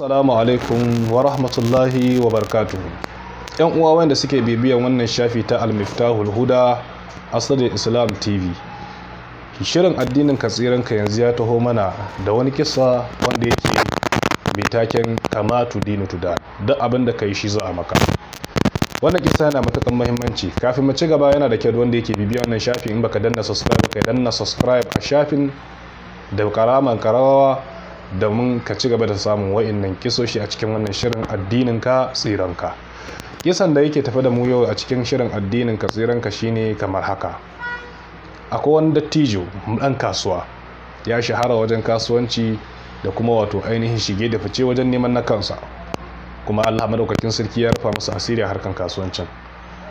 Assalamu alaikum wa rahmatullahi wa barkatu. ‘Yan uwa wanda suke bibiyan wannan shafi ta Almiftahul Huda Asirin Islam TV. Shirin addinin ka yanzu ya taho mana da wani kisa wanda yake mai taken kamatu dinu tuda duk abin da ka yi shi zo a maka. Wannan kisa yana matukan muhimmanci kafin mu gaba yana da kyau wanda yake bibiya wannan shafi in baka danna subscribe ka danna subscribe a shafin da karaman karawa domin ka ci gaba da samun wa'innan kisoshi a cikin wannan shirin addinin ka tsiranka kisan da yake tafi da mu yau a cikin shirin addinin ka tsiranka shine kamar haka akwai wani dattijo dan kasuwa ya shahara wajen kasuwanci da kuma wato ainihin shige da fice wajen neman na kansa kuma Allah madaukakin sarki ya rufa masa asiri a harkan kasuwancin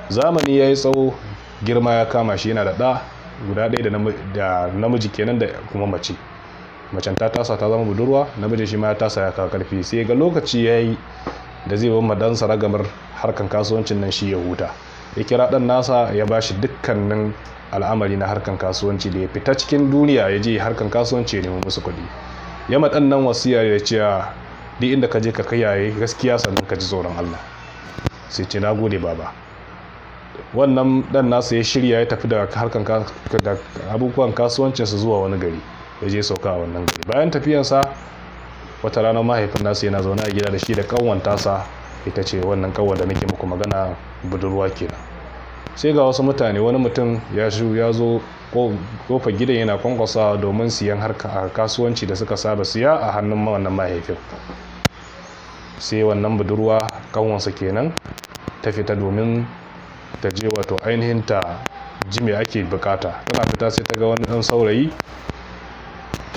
zamani ya yi tsawo girma ya kama shi yana da ɗa guda ɗaya da namiji kenan da kuma mace macen ta tasa ta zama budurwa namiji shi ma ya tasa ya karfi sai ga lokaci ya yi da zai bar madansa ragamar harkan kasuwancin nan shi ya huta ya kira dan nasa ya ba shi dukkanin al'amari na harkan kasuwanci da ya fita cikin duniya ya je harkan kasuwanci ya nemi musu kuɗi ya ma nan wasiya ya ce ah, duk inda ka je ka kayaye gaskiya sannan ka ji tsoron Allah sai ce na gode baba wannan dan nasa ya shirya ya tafi da harkan abubuwan kasuwancinsa zuwa wani gari ya je sauka a wannan gari bayan tafiyansa wata rana mahaifin nasu yana zaune a gida da shi da kanwan sa ita ce wannan kanwa da nake muku magana budurwa kenan sai ga wasu mutane wani mutum ya ya zo kofar gidan yana kwankwasa domin siyan harka kasuwanci da suka saba siya a hannun wannan mahaifin sai wannan budurwa kanwansa kenan ta fita domin ta je wato ainihin ta jimi ake bukata tana fita sai ta ga wani ɗan saurayi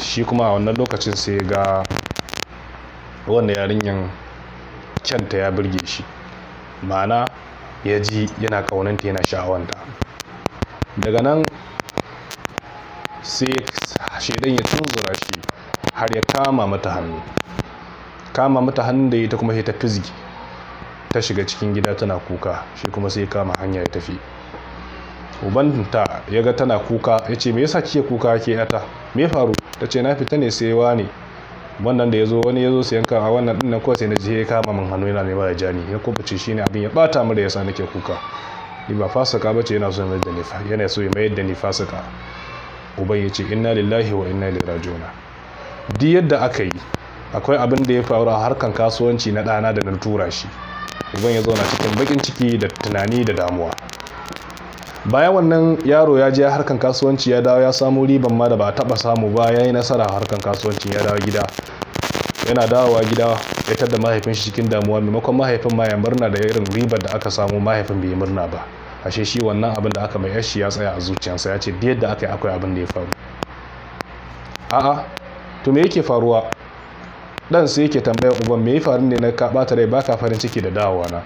shi kuma a wannan lokacin sai ga wannan yarinyan kyanta ya birge shi ma'ana ya ji yana ƙaunanta yana sha'awanta daga nan sai shaidan ya tunzura shi har ya kama mata hannu kama mata hannu da ita kuma sai ta fizgi ta shiga cikin gida tana kuka shi kuma sai kama hanya ya tafi ubanta ya ga tana kuka ya ce me yasa kike kuka ke yata me faru ta ce na fita ne sai wani wannan da ya zo wani ya zo sayan a wannan dinnan nan sai na je ya kama min hannu yana nema ya jani ya kuma shi ne abin ya bata mu da yasa nake kuka ni ba fasaka ce yana so mai da ni yana so ya mayar da ni fasaka uban ya ce inna lillahi wa inna ilaihi rajiuna duk yadda aka yi akwai abin da ya faru a harkan kasuwanci na ɗana da na tura shi uban ya na cikin bakin ciki da tunani da damuwa bayan wannan yaro ya je harkan kasuwanci ya dawo ya samu riban ma da ba taba samu ba ya yi nasara harkan kasuwanci ya dawo gida yana dawowa gida ya tadda mahaifin shi cikin damuwa maimakon mahaifin ma ya murna da irin ribar da aka samu mahaifin bai murna ba ashe shi wannan abin da aka mai yashi ya tsaya a zuciyarsa ya ce biyar da aka yi akwai abin da ya faru a'a to me yake faruwa dan sai yake tambayar uban me ya faru ne na ka bata rai baka farin ciki da dawowa na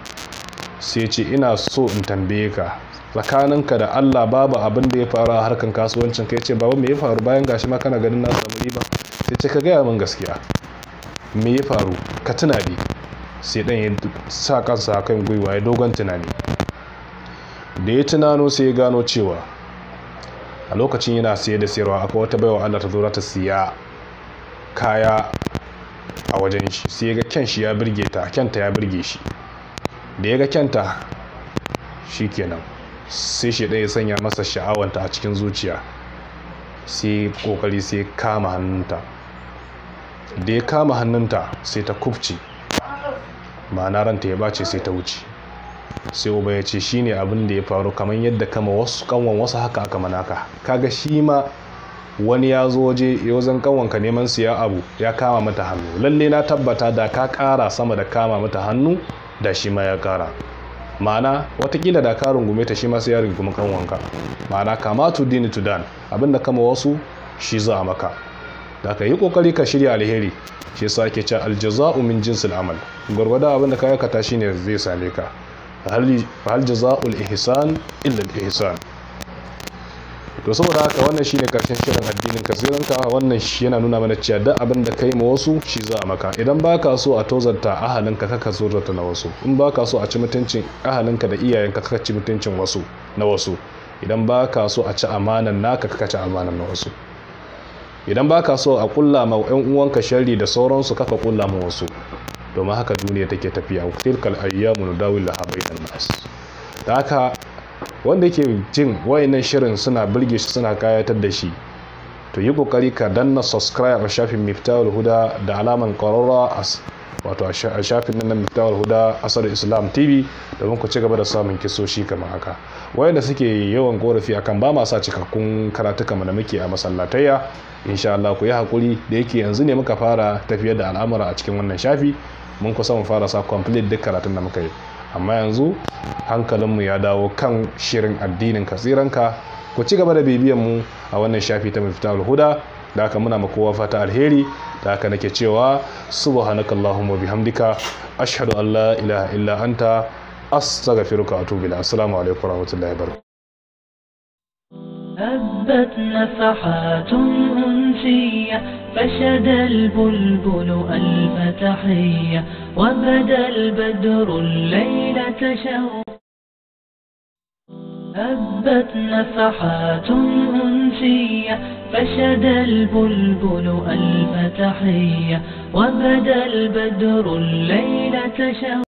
sai ce ina so in tambaye ka tsakaninka da Allah babu abin da ya faru a harkar kasuwancin kai ce babu me ya faru bayan gashi ma kana ganin na samu riba sai ce ka gaya min gaskiya me ya faru ka tuna bi sai dan ya sa kansa a kan gwiwa ya dogon tunani da ya tunano sai ya gano cewa a lokacin yana sayar da sayarwa akwai wata baiwa Allah ta zo ta siya kaya a wajen shi sai ya ga kyan shi ya birge ta kyanta ya birge shi da ya ga kyanta shikenan sai shi ɗaya sanya masa sha'awanta a cikin zuciya sai kokari sai kama hannunta da ya kama hannunta sai ta kubce ma'ana ranta ya bace sai ta wuce sai uba ya ce shine abin da ya faru kamar yadda kama wasu kanwan wasu haka aka manaka kaga shi ma wani ya zo waje zan wajen kanwanka neman siya abu ya kama mata hannu lalle na tabbata da ka kara sama da kama mata hannu da shi ma ya kara ma'ana watakila da ka rungume ta shi masu yarin kuma kan wanka ma'ana kamatu tu dini tu dan abinda kama wasu shi za a maka da ka yi kokari ka shirya alheri shi yasa ake cewa aljaza'u min jinsil amal gwargwada abinda ka tashi ne zai same ka hal jaza'ul ihsan illa al ihsan to saboda haka wannan shine karshen shirin addinin ka wannan shi yana nuna mana cewa duk abin da kai ma wasu shi za a maka idan baka so a tozarta ahalinka kaka na wasu in baka so a ci mutuncin ahalinka da iyayenka kaka ci mutuncin wasu na wasu idan baka so a ci amanan naka kaka ci amanan na wasu idan baka so a kulla ma yan uwanka sharri da sauransu kaka kula ma wasu domin haka duniya take tafiya tilkal ayyamu nudawilaha bainan nas da haka wanda yake jin wayannan shirin suna birge shi suna kayatar da shi to yi kokari ka danna subscribe a shafin miftahul huda da alaman ƙwararra wato a shafin nan miftahul huda asar islam tv domin ku ci gaba da samun kisoshi kamar haka wayanda suke yawan korafi akan ba masa cikakkun karatuka da muke a masallatayya insha Allah ku yi hakuri da yake yanzu ne muka fara tafiyar da al'amura a cikin wannan shafi mun kusa mu fara sa complete duk karatun da muka yi amma yanzu hankalinmu ya dawo kan shirin addinin katsiranka ku ci gaba da bibiyan mu a wannan shafi ta mafita alhuda da haka muna ma kowa fata alheri da haka nake cewa subhanakallahumma bihamdika ashhadu an la ilaha illa anta astaghfiruka wa atubu assalamu alaikum warahmatullahi هبت نفحات أنسية فشد البلبل ألف تحية وبدا البدر الليلة شوقا هبت نفحات أنسية فشد البلبل ألف تحية وبدا البدر الليلة شوقا